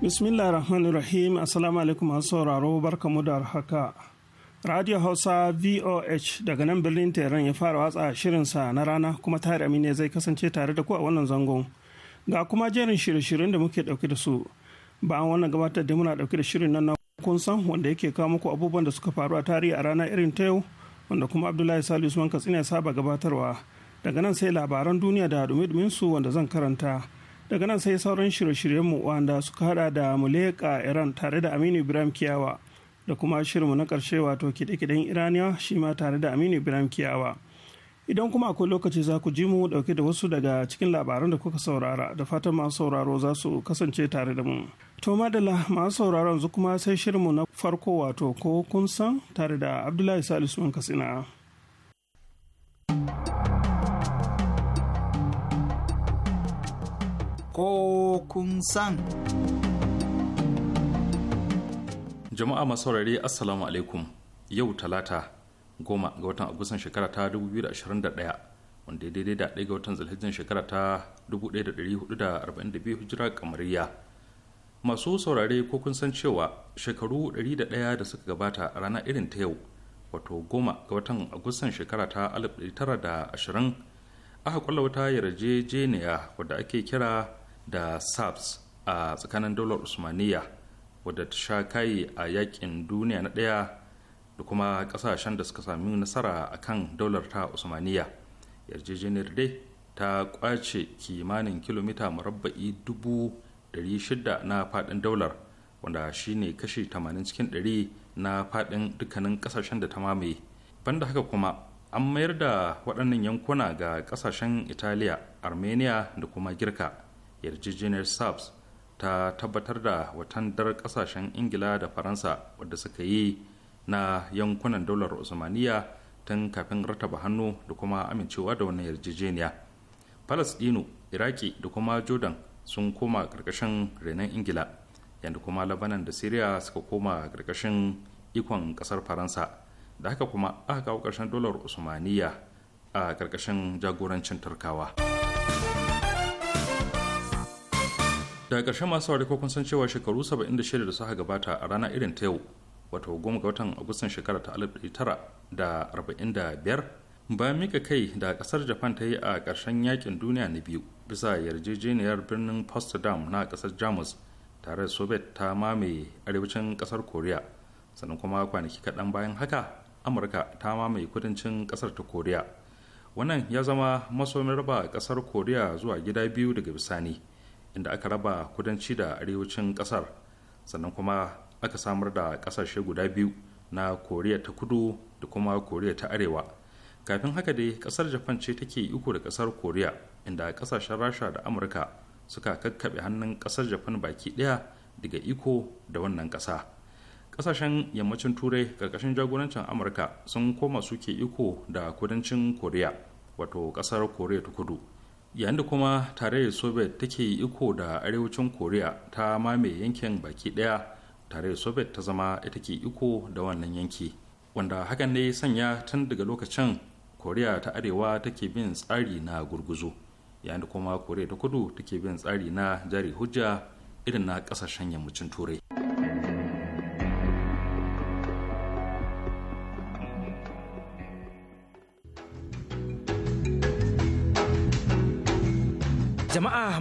bismillah rahman rahim assalamu alaikum masu sauraro mu da haka radio hausa voh daga nan birnin tehran ya fara watsa shirinsa na rana kuma tare amina zai kasance tare da ku a wannan zangon ga kuma jerin shirye-shiryen da muke dauke da su bayan wannan gabatar da muna dauke da shirin nan na kun san wanda yake kawo muku abubuwan da suka faru a tarihi a rana irin ta yau wanda kuma abdullahi salisu usman katsina ya saba gabatarwa daga nan sai labaran duniya da dumi su wanda zan karanta daga nan sai sauran shirye-shiryenmu wanda suka hada da muleka iran tare da aminu ibrahim kiyawa da kuma shirinmu na karshe wato kide-kiden iraniya shi ma tare da aminu ibrahim kiyawa idan kuma akwai lokaci za ku ji mu dauke da wasu daga cikin labaran da kuka saurara da fatan masu sauraro za su kasance tare da mu to madalla masu sauraron yanzu kuma sai shirinmu na farko wato ko kun san tare da abdullahi salisu katsina. ko kun san. Jama'a masu saurare Assalamu alaikum yau talata goma ga watan Agustan shekara ta 2021 wanda ya daidai da ɗaya ga watan zalhijin shekara ta 1442 hijira kamariya. Masu saurare ko kun san cewa shekaru 101 da suka gabata a rana irin ta yau wato goma ga watan Agustan shekara ta 1920 aka kwallo wata yarjejeniya wadda ake kira da sabs a tsakanin daular usmaniya wadda ta sha kai a yakin duniya na ɗaya da kuma ƙasashen da suka sami nasara a kan daular ta usmaniya yarjejeniyar dai ta kwace kimanin kilomita murabba'i dubu 600 na faɗin daular wanda shine kashi 80 cikin 100 na faɗin dukkanin ƙasashen da ta mamaye banda haka kuma an mayar da waɗannan yankuna ga ƙasashen italiya armenia da kuma girka yarjejeniyar saps ta tabbatar da watandar kasashen ingila da faransa wadda suka yi na yankunan daular usmaniya tun kafin rataba hannu da kuma amincewa da wannan yarjejeniya palestino iraki da kuma jordan sun koma karkashin renon ingila yadda kuma labanan da syria suka koma karkashin ikon kasar faransa da haka kuma aka kawo karshen dolar usmaniya a karkashin jagorancin turkawa. daga ƙarshen masu saurari ko kun san cewa shekaru 76 da suka gabata a rana irin ta yau wato goma ga watan agustan shekara ta 1945 bayan mika kai da ƙasar japan ta yi a ƙarshen yakin duniya na biyu bisa yarjejeniyar birnin potsdam na ƙasar jamus tare da soviet ta mamaye arewacin ƙasar koriya sannan kuma kwanaki kaɗan bayan haka amurka ta mamaye kudancin ƙasar ta koriya wannan ya zama masomin raba ƙasar koriya zuwa gida biyu daga bisani inda aka raba kudanci da arewacin kasar sannan kuma aka samar da kasashe guda biyu na koriya ta kudu da kuma koriya ta arewa kafin haka dai kasar japan ce take iko da kasar koriya inda kasashen rasha da amurka suka kakkaɓe hannun kasar japan baki ɗaya daga iko da wannan ƙasa kasashen yammacin turai ƙarƙashin jagorancin amurka sun koma suke iko da kudancin koriya wato kasar koriya ta kudu yayin da kuma tarayyar soviet take iko da arewacin koriya ta mamaye yankin baki daya tarayyar soviet ta zama ita ke iko da wannan yanki wanda hakan ne sanya tun daga lokacin koriya ta arewa take bin tsari na gurguzu yayin da kuma koriya ta kudu take bin tsari na jari hujja irin na kasashen yammacin turai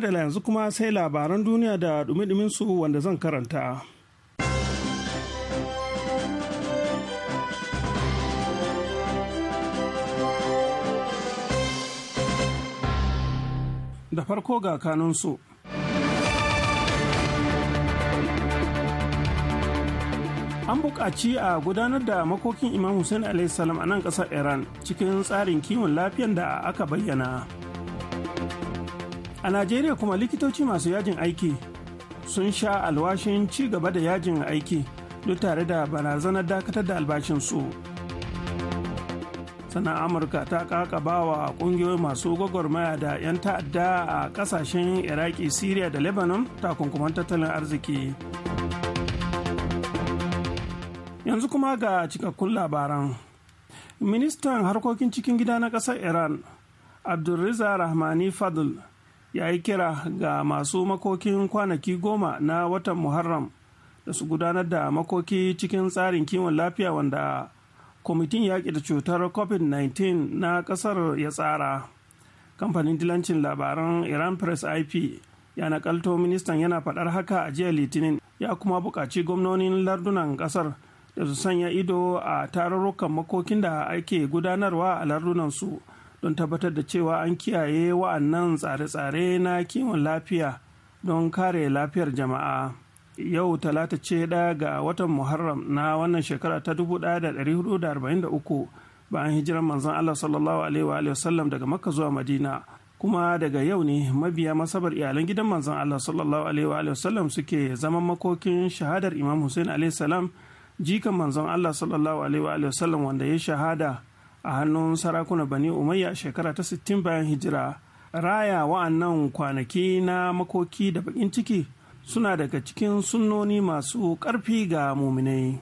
madala yanzu kuma sai labaran duniya da dumi su wanda zan karanta. Da farko ga kanunsu. An buƙaci a gudanar da makokin Imam Hussein a.s. a nan ƙasar Iran cikin tsarin kiwon lafiyan da aka bayyana. a najeriya kuma likitoci masu yajin aiki sun sha alwashin ci gaba da yajin aiki duk tare da barazanar dakatar da albashinsu Sana amurka ta kakaba wa kungiyoyi masu gwagwarmaya da 'yan ta'adda a kasashen iraki syria da lebanon takunkuman tattalin arziki yanzu kuma ga cikakkun labaran ministan harkokin cikin gida na ƙasar iran abdulriza rahmani fadl ya yi kira ga masu makokin kwanaki goma na watan muharram da su gudanar da makoki cikin tsarin kiwon lafiya wanda kwamitin yaƙi da cutar covid-19 na ƙasar ya tsara kamfanin dilancin labaran iran press ip ya nakalto ministan yana faɗar haka a jiya litinin ya kuma buƙaci gwamnonin lardunan ƙasar da su sanya ido a tarurrukan makokin da ake gudanarwa a lardunansu don tabbatar da cewa an kiyaye wa'annan tsare-tsare na kiwon lafiya don kare lafiyar jama'a yau talata ce ɗaya ga watan muharram na wannan shekara ta 1443 bayan hijirar manzon allah sallallahu alaihi wasallam daga makka zuwa madina kuma daga yau ne mabiya masabar iyalan gidan manzon allah sallallahu alaihi wasallam suke zaman makokin shahadar imam hussein alaihi salam jikan manzon allah sallallahu alaihi wasallam wanda ya shahada a hannun sarakuna bani umayya shekara ta 60 bayan hijira raya wa'annan kwanaki na makoki da bakin ciki suna daga cikin sunnoni masu karfi ga muminai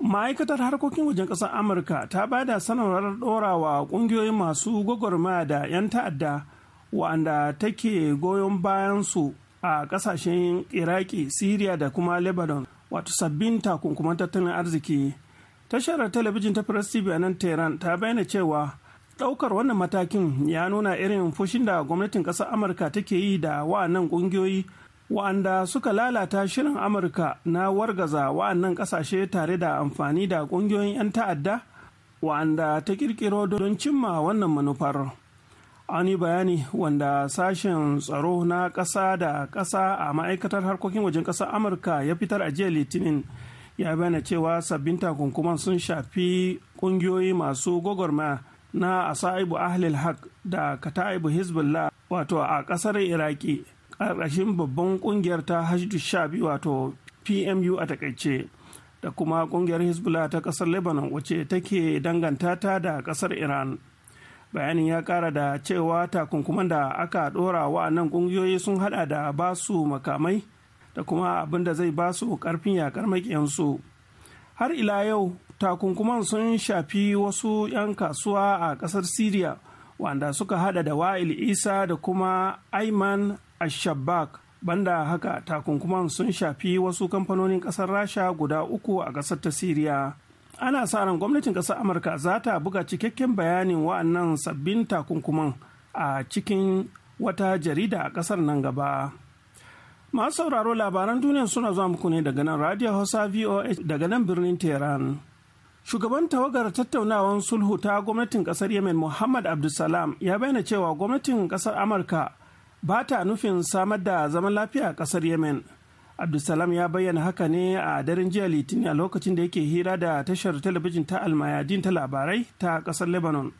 ma'aikatar harkokin wajen ƙasar amurka ta ba da sanarwar ɗorawa ƙungiyoyin masu gwagwarma da 'yan ta'adda wa'anda take goyon bayan su a ƙasashen iraki syria da kuma lebanon wato sabbin takunkuman tattalin arziki tashar talabijin ta press tv a nan tehran ta bayyana cewa ɗaukar wannan matakin ya nuna irin fushin da gwamnatin ƙasar amurka take yi da wa'annan ƙungiyoyi wa'anda suka lalata shirin amurka na wargaza wa'annan ƙasashe tare da amfani da ƙungiyoyin 'yan ta'adda wa'anda ta ƙirƙiro don cimma wannan manufar ani bayani wanda sashen tsaro na ƙasa da ƙasa a ma'aikatar harkokin wajen ƙasar amurka ya fitar a jiya litinin ya bayyana cewa sabbin takunkuman sun shafi kungiyoyi masu gwagwarmaya na asa'ibu ahlil haq da kata'ibu hezbollah wato a kasar iraki ƙarƙashin babban kungiyar ta hajjdu shabi wato pmu a takaice da kuma kungiyar hezbollah ta kasar lebanon wace take danganta ta da kasar iran bayanin ya kara da cewa takunkuman da aka dora nan kungiyoyi sun hada da basu makamai da kuma abin da zai ba su karfin yakar makiyansu har ila yau takunkuman sun shafi wasu 'yan kasuwa a kasar syria wanda suka hada da wa'il isa da kuma ayman ashabak banda haka takunkuman sun shafi wasu kamfanonin kasar rasha guda uku a kasar ta syria ana sa ran gwamnatin kasar amurka za ta buga cikakken bayanin wa'annan sabbin takunkuman a cikin wata jarida a kasar nan gaba masu sauraro labaran duniya suna zuwa muku ne daga nan radio hausa voh daga nan birnin tehran shugaban tawagar tattaunawan sulhu ta gwamnatin kasar yemen muhammad abdulsalam ya bayyana cewa gwamnatin kasar amurka ba ta nufin samar da zaman lafiya a kasar yemen abdulsalam ya bayyana haka ne a daren jiya litinin a lokacin da yake hira da tashar talabijin ta almayadin ta labarai ta kasar lebanon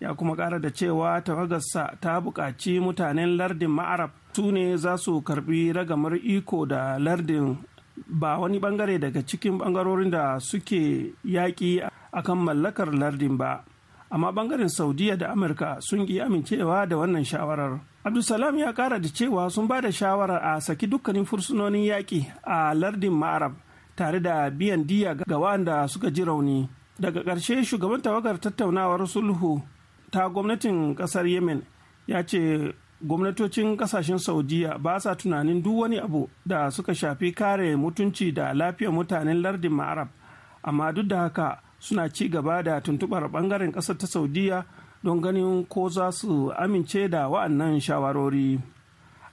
ya kuma ƙara da cewa tawagarsa ta buƙaci mutanen lardin ma'arab su ne za su karbi ragamar iko da lardin ba wani bangare daga cikin bangarorin da suke yaƙi a kan mallakar lardin ba amma bangaren saudiya da amurka sun ƙi amincewa da wannan shawarar abdulsalam ya ƙara da cewa sun ba da shawarar a saki dukkanin fursunonin yaƙi a lardin ma'arab tare da biyan diya ga waɗanda suka ji rauni daga ƙarshe shugaban tawagar tattaunawar sulhu ta gwamnatin kasar yemen ya ce gwamnatocin kasashen saudiya ba sa tunanin duk wani abu da suka shafi kare mutunci da lafiyar mutanen lardin ma'arab amma duk da haka suna ci gaba da tuntubar bangaren kasar ta saudiya don ganin ko za su amince da wa'annan shawarori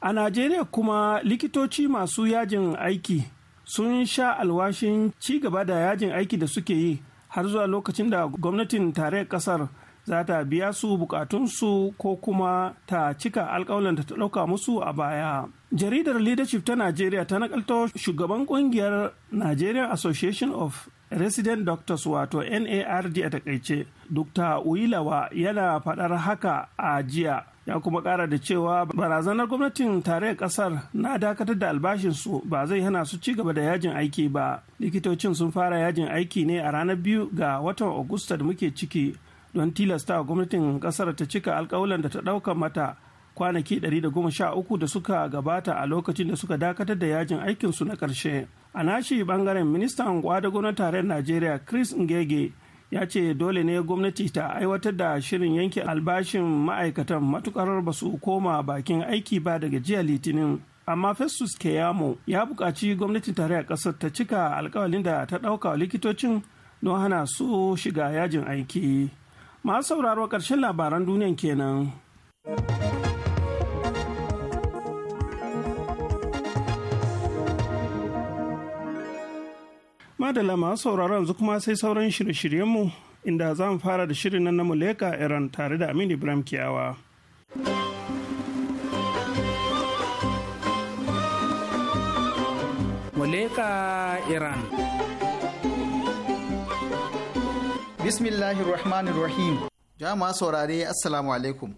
a najeriya kuma likitoci masu yajin aiki sun sha alwashin ci gaba da yajin aiki da suke yi har zuwa lokacin da gwamnatin tarayyar kasar za ta biya su bukatunsu ko kuma ta cika alkawalin ta ɗauka musu a baya. Jaridar Leadership ta Najeriya ta nakalto shugaban kungiyar Nigerian Association of Resident Doctors wato NARD a takaice, Dr. Uyilawa yana faɗar haka a jiya. Ya kuma ƙara da cewa barazanar gwamnatin tarayyar ƙasar na dakatar da albashinsu ba zai hana su ci gaba da yajin aiki ba. Likitocin sun fara yajin aiki ne a ranar biyu ga watan Agusta da muke ciki. don tilasta gwamnatin kasar ta cika alkawalan da ta ɗauka mata kwanaki 113 da suka gabata a lokacin da suka dakatar da yajin aikinsu na ƙarshe. A nashi bangaren ministan kwadago na tarayyar Najeriya Chris Ngege ya ce dole ne gwamnati ta aiwatar da shirin yanke albashin ma'aikatan matukar ba su koma bakin aiki ba daga jiya litinin. Amma Festus Keyamo ya buƙaci gwamnatin tarayyar ƙasar ta cika alkawalin da ta ɗauka likitocin don hana su shiga yajin aiki. masu sauraro ƙarshen labaran duniyan kenan. Madala masu sauraro yanzu kuma sai sauran shirye-shiryenmu inda za mu fara da shirin nan na Muleka Iran tare da Aminu Ibrahim Kiyawa. Muleka Iran. bismillahir rahmanir rahim jama'a saurare assalamu alaikum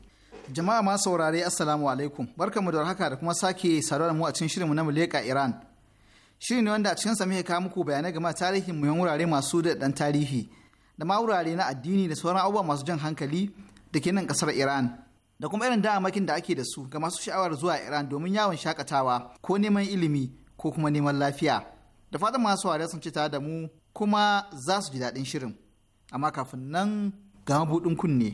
jama'a ma saurare assalamu alaikum barkamu da haka da kuma sake saduwa da mu a cikin shirinmu na muleka iran shiri ne wanda a cikin sa muke kawo muku bayanai game da tarihin muhimman wurare masu da dan tarihi da ma wurare na addini da sauran abubuwa masu jan hankali da ke nan kasar iran da kuma irin damakin da ake da su ga masu sha'awar zuwa iran domin yawon shakatawa ko neman ilimi ko kuma neman lafiya da fatan masu wariya sun ci tare da mu kuma za su ji daɗin shirin amma kafin nan ga mabudin kunne.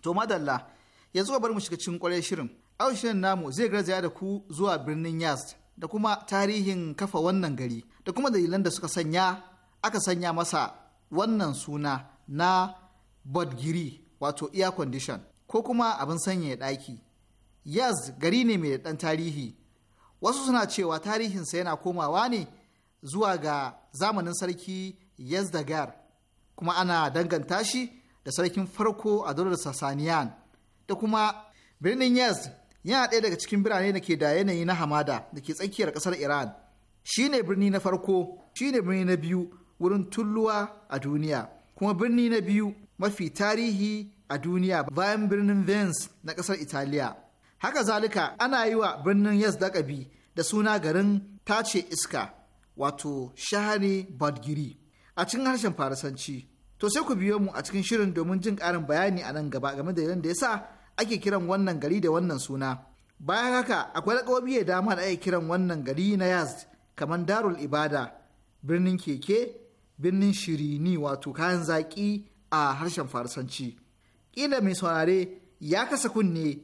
To madalla yanzu bar mu shiga cikin kwarai shirin. shirin namu zai garzaya da ku zuwa birnin Yazd da kuma tarihin kafa wannan gari da kuma dalilan da suka sanya aka sanya masa wannan suna na Bodgiri wato air condition ko kuma abin sanyaya ɗaki Yaz gari ne mai ɗan tarihi. Wasu suna cewa tarihinsa yana komawa ne zuwa ga zamanin sarki Yazdagar, kuma ana danganta shi da sarkin farko a daular Sasaniyan. Da kuma birnin Yaz yana ɗaya daga cikin birane da ke da yanayi na hamada da ke tsakiyar ƙasar Iran. Shi ne birni na farko, shi ne birni na biyu wurin tulluwa a duniya, kuma birni na biyu mafi tarihi a duniya bayan birnin Vance na ƙasar Italiya. haka zalika ana yi wa birnin yas dakabi da suna garin tace iska wato shahari badgiri a cikin harshen farisanci to sai ku biyo mu a cikin shirin domin jin ƙarin bayani a nan gaba game da yadda da yasa ake kiran wannan gari da wannan suna bayan haka akwai laƙobi ya dama da ake kiran wannan gari na yas kamar darul ibada birnin keke birnin shirini wato kayan zaƙi a harshen farisanci ƙila mai saurare ya kasa kunne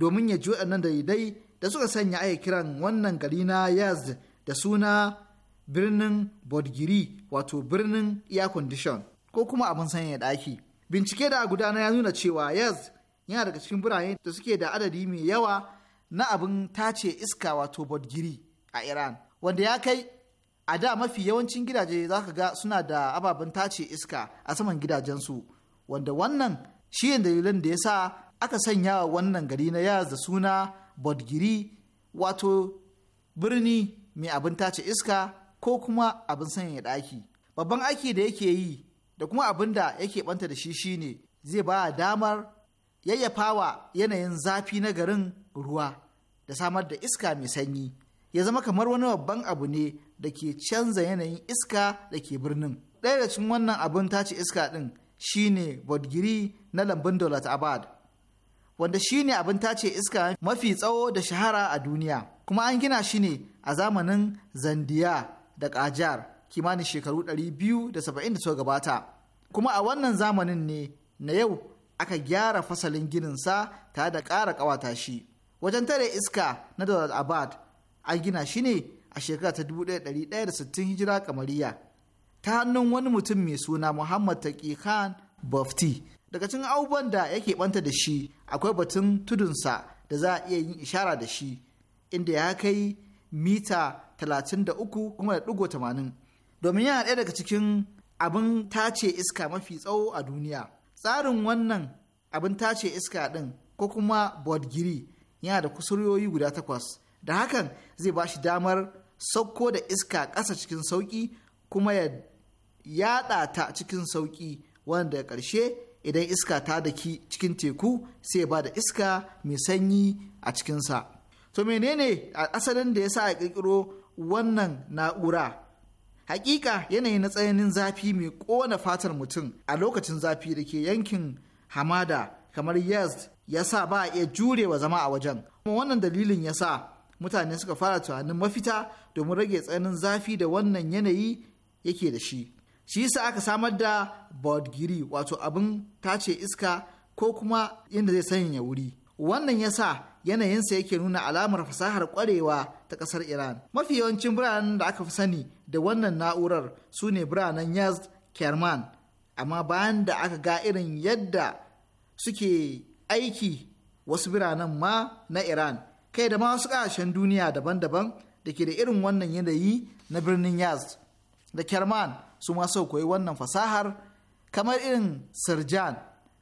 domin ya ji waɗannan dalilai da suka sanya aya kiran wannan gari na yaz da suna birnin Bodgiri wato birnin air condition ko kuma abin sanya ɗaki. Bincike da gudanar ya nuna cewa yaz yana daga cikin birane da suke da adadi mai yawa na abin tace iska wato Bodgiri a Iran wanda ya kai a da mafi yawancin gidaje za ka ga suna da ababen tace iska a saman gidajensu wanda wannan shi dalilin da ya sa aka sanya wa wannan gari na yaz da suna bodgiri wato birni mai abin tace iska ko kuma abin sanya ɗaki babban aiki da yake yi da kuma abin da yake banta da shi shine zai ba damar yayyafawa yanayin zafi na garin ruwa da samar da iska mai sanyi ya zama kamar wani babban abu ne da ke canza yanayin iska da ke birnin ɗaya da cikin wannan abin tace iska ɗin shine bodgiri na lambun daulat abad wanda shi ne abin tace iska mafi tsawo da shahara a duniya kuma an gina shi ne a zamanin zandiya da kajar kimanin shekaru 270 da suka gabata kuma a wannan zamanin ne na yau aka gyara fasalin gininsa tare da ƙara ƙawata shi wajen tare iska na dalar abad an gina shi ne a shekara ta 1160 hijira kamariya ta hannun wani mutum mai suna muhammad taƙi khan bafti daga cikin abubuwan da yake banta da shi akwai batun tudunsa da za a iya yin ishara da shi inda ya kai mita da 33.80 domin yana ɗaya daga cikin abin tace iska mafi tsawo a duniya tsarin wannan abin tace iska ɗin ko kuma bodgiri yana da kusuryoyi guda takwas da hakan zai ba shi damar sauko da iska ƙasa cikin sauki kuma ya yaɗa ta cikin sauƙi wanda daga ƙarshe idan iska ta daki cikin teku sai ba da iska mai sanyi a cikinsa. To menene a asalin da ya sa a ƙirƙiro wannan na'ura? Hakika yanayi na tsananin zafi mai ƙona fatar mutum a lokacin zafi da ke yankin hamada kamar Yazd ya sa ba a iya jurewa zama a wajen. Kuma wannan dalilin ya sa mutane suka fara tunanin mafita domin rage tsananin zafi da wannan yanayi yake da shi. shi yasa aka samar da bodgiri wato abin tace iska ko kuma inda zai sanya wuri wannan yasa yanayinsa yake nuna alamar fasahar kwarewa ta kasar iran mafi yawancin biranen da aka fi sani da wannan na'urar su ne biranen yaz kerman amma bayan da aka ga irin yadda suke aiki wasu biranen ma na iran kai da ma wasu ƙasashen duniya daban-daban da ke da irin wannan yanayi na birnin yaz da kerman su ma so koyi wannan fasahar kamar irin sirjan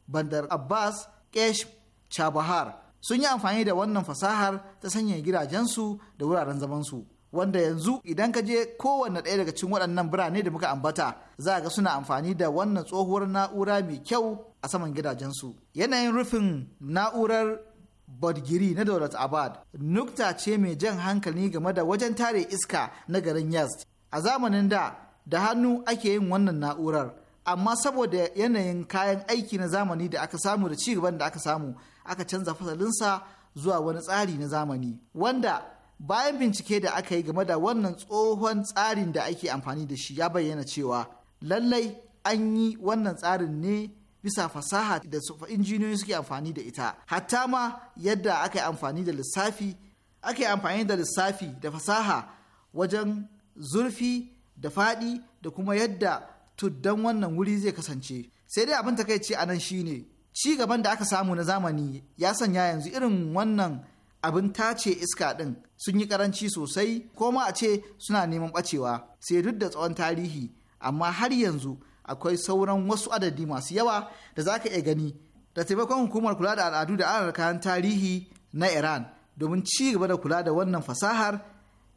bandar abbas kesh chabahar sun yi amfani da wannan fasahar ta sanya gidajensu da wuraren zamansu wanda yanzu idan ka je kowanne ɗaya daga cikin waɗannan birane da muka ambata za ga suna amfani da wannan tsohuwar na'ura mai kyau a saman gidajensu yanayin rufin na'urar bodgiri na daulat abad nukta ce mai jan hankali game da wajen tare iska na garin yast a zamanin da da hannu ake yin wannan na'urar amma saboda yanayin kayan aiki na zamani da aka samu da cigaban da aka samu aka canza fasalinsa zuwa wani tsari na zamani wanda bayan bincike da aka yi game da wannan tsohon tsarin da ake amfani da shi ya bayyana cewa lallai an yi wannan tsarin ne bisa fasaha da sufa injiniyoyi suke amfani da ita hatta ma yadda aka yi amfani da lissafi ake amfani da lissafi da fasaha wajen zurfi da faɗi da kuma yadda tuddan wannan wuri zai kasance sai dai abin takaici a nan shine ci gaban da aka samu na zamani ya sanya yanzu irin wannan abin tace iska ɗin sun yi karanci sosai ko ma a ce suna neman ɓacewa sai duk da tsawon tarihi amma har yanzu akwai sauran wasu adadi masu yawa da za ka iya gani da taimakon hukumar kula da al'adu da adana kayan tarihi na iran domin ci gaba da kula da wannan fasahar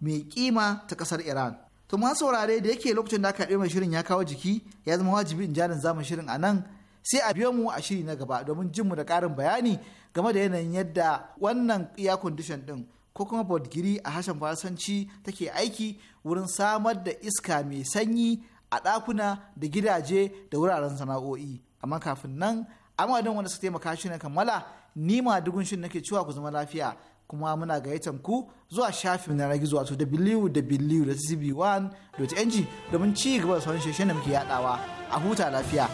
mai kima ta ƙasar iran to ma saurare da yake lokacin da aka mai shirin ya kawo jiki ya zama wajibi in jarin zamu shirin a nan sai a biyo mu a shiri na gaba domin jin mu da ƙarin bayani game da yanayin yadda wannan iya condition ɗin ko kuma bodgiri a harshen faransanci take aiki wurin samar da iska mai sanyi a ɗakuna da gidaje da wuraren sana'o'i amma kafin nan amma don wanda suka taimaka shi ne kammala ni ma dugun shin nake cewa ku zama lafiya kuma muna gayyatar ku zuwa shafin na gizo wato www.cb1.ng domin ci gaba da sauran shirye da muke yadawa a huta lafiya.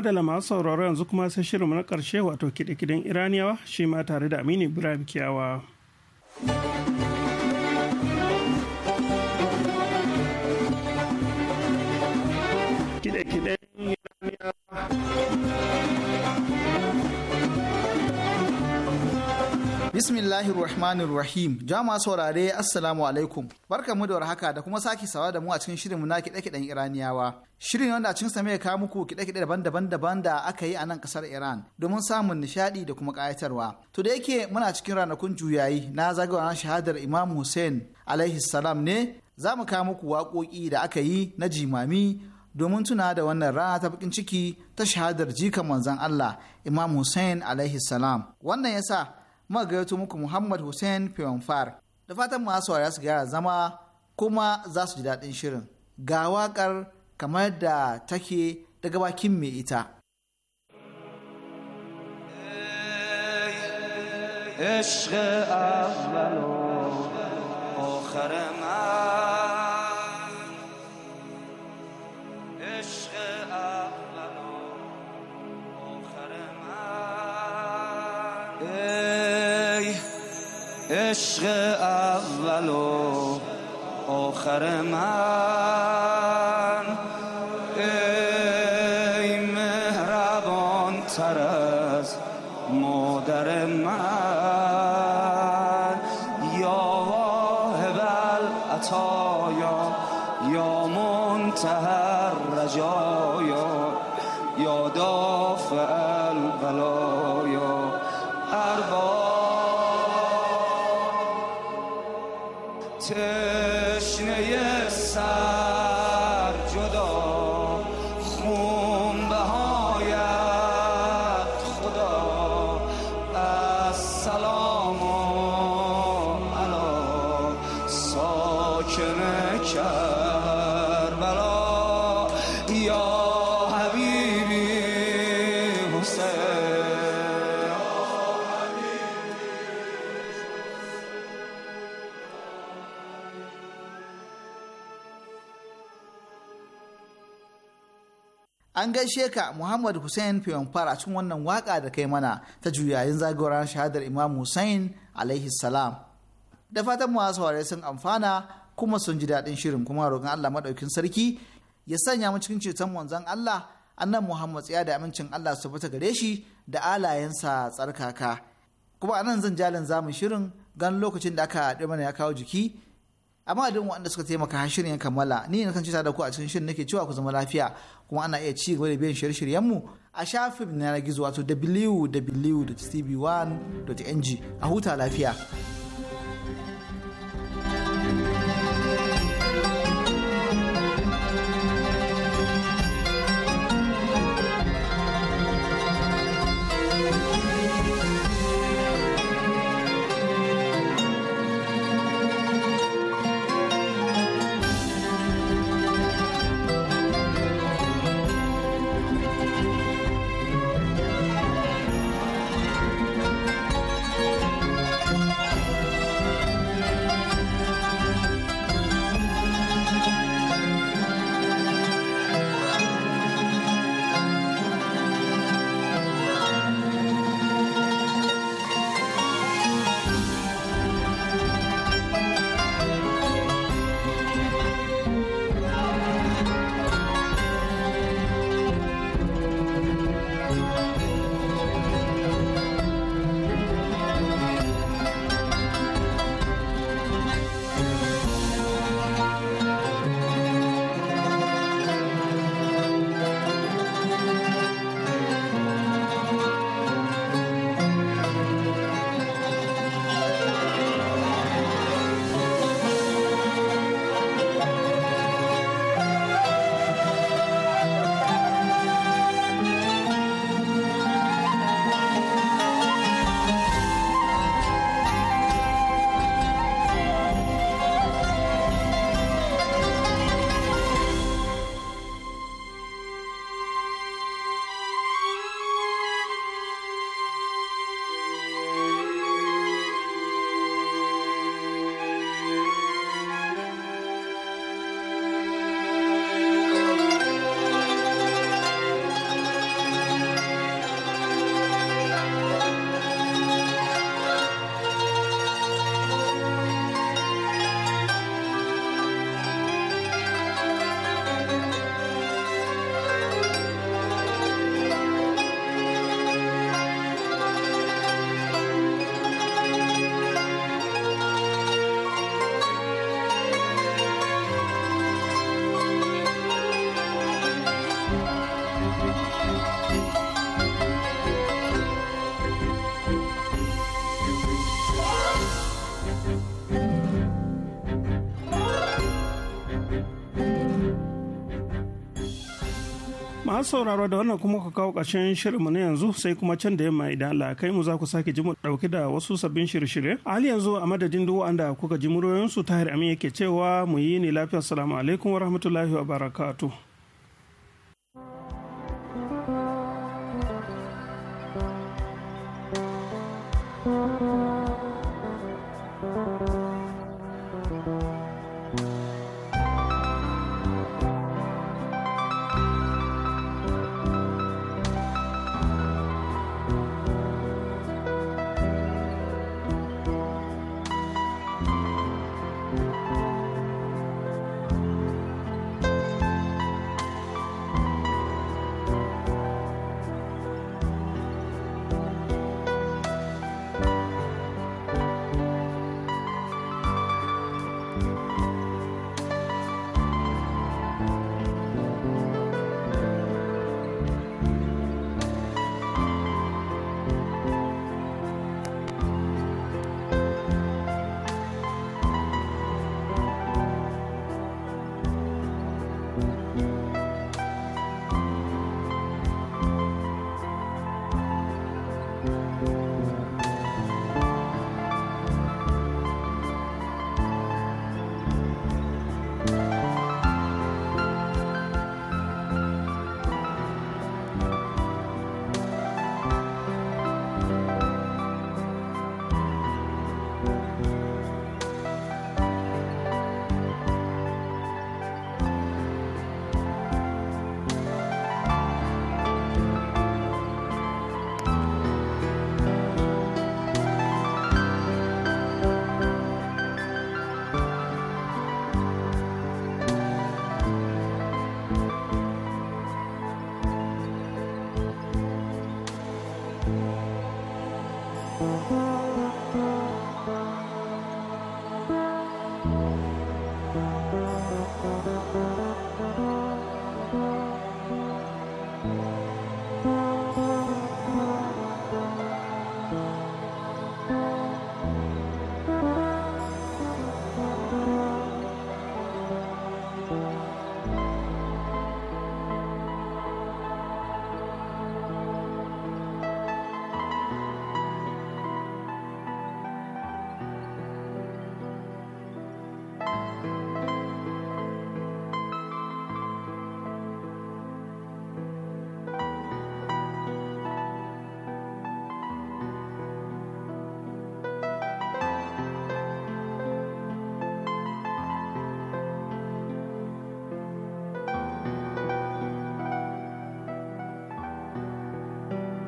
madala masu sauraro yanzu kuma sai shirinmu na karshe wato kiɗe iraniyawa shi ma tare da aminu ibrahim kiyawa Bismillahir Rahmanir Rahim. Jama'a saurare Assalamu alaikum. Barkamu da warhaka da kuma sake sawa da mu a cikin shirin na kiɗe-kiɗen Iraniyawa. Shirin wanda a cikin sa kawo muku kiɗe-kiɗe daban-daban daban da aka yi a nan ƙasar Iran domin samun nishaɗi da kuma ƙayatarwa. To da yake muna cikin ranakun juyayi na na shahadar Imam Hussein alaihi salam ne za mu kawo muku waƙoƙi da aka yi na jimami domin tuna da wannan rana ta bakin ciki ta shahadar jikan manzon Allah Imam Hussein alaihi salam. Wannan yasa muka gayyato muku Muhammad Hussein Fiyonfar. Da fatan masu waya su gyara zama kuma za su ji daɗin shirin. Ga waƙar kamar da take daga bakin mai ita. Yeah. عشق اولو آخر من an gaishe ka Muhammad Hussein Fiyonfar a cikin wannan waka da kai mana ta juyayin zagayowar shahadar Imam Hussein alaihi salam. Da fatan masu saurare sun amfana kuma sun ji daɗin shirin kuma roƙon Allah maɗaukin sarki ya sanya mu cikin ceton manzon Allah annan Muhammad tsaya da amincin Allah su fita gare shi da alayensa tsarkaka. Kuma anan zan jalin zamu shirin gan lokacin da aka ɗi mana ya kawo jiki amma adin waɗanda suka taimaka har shirin ya kammala ni na kan cita da ku a cikin shirin nake cewa ku zama lafiya kuma ana iya ci gaba da biyan shirye-shiryen mu a shafin na gizo wato www.tv1.ng a huta lafiya. sauraro da wannan kuma ka kawo ƙarshen shirinmu na yanzu sai kuma can da yamma idan Allah kai mu za ku sake ji mu dauki da wasu sabbin shirye-shirye. hali yanzu a madadin duk wanda kuka ji su tahir amin yake cewa mu yi ne lafiya salamu alaikum wa rahmatullahi wa barakatuh.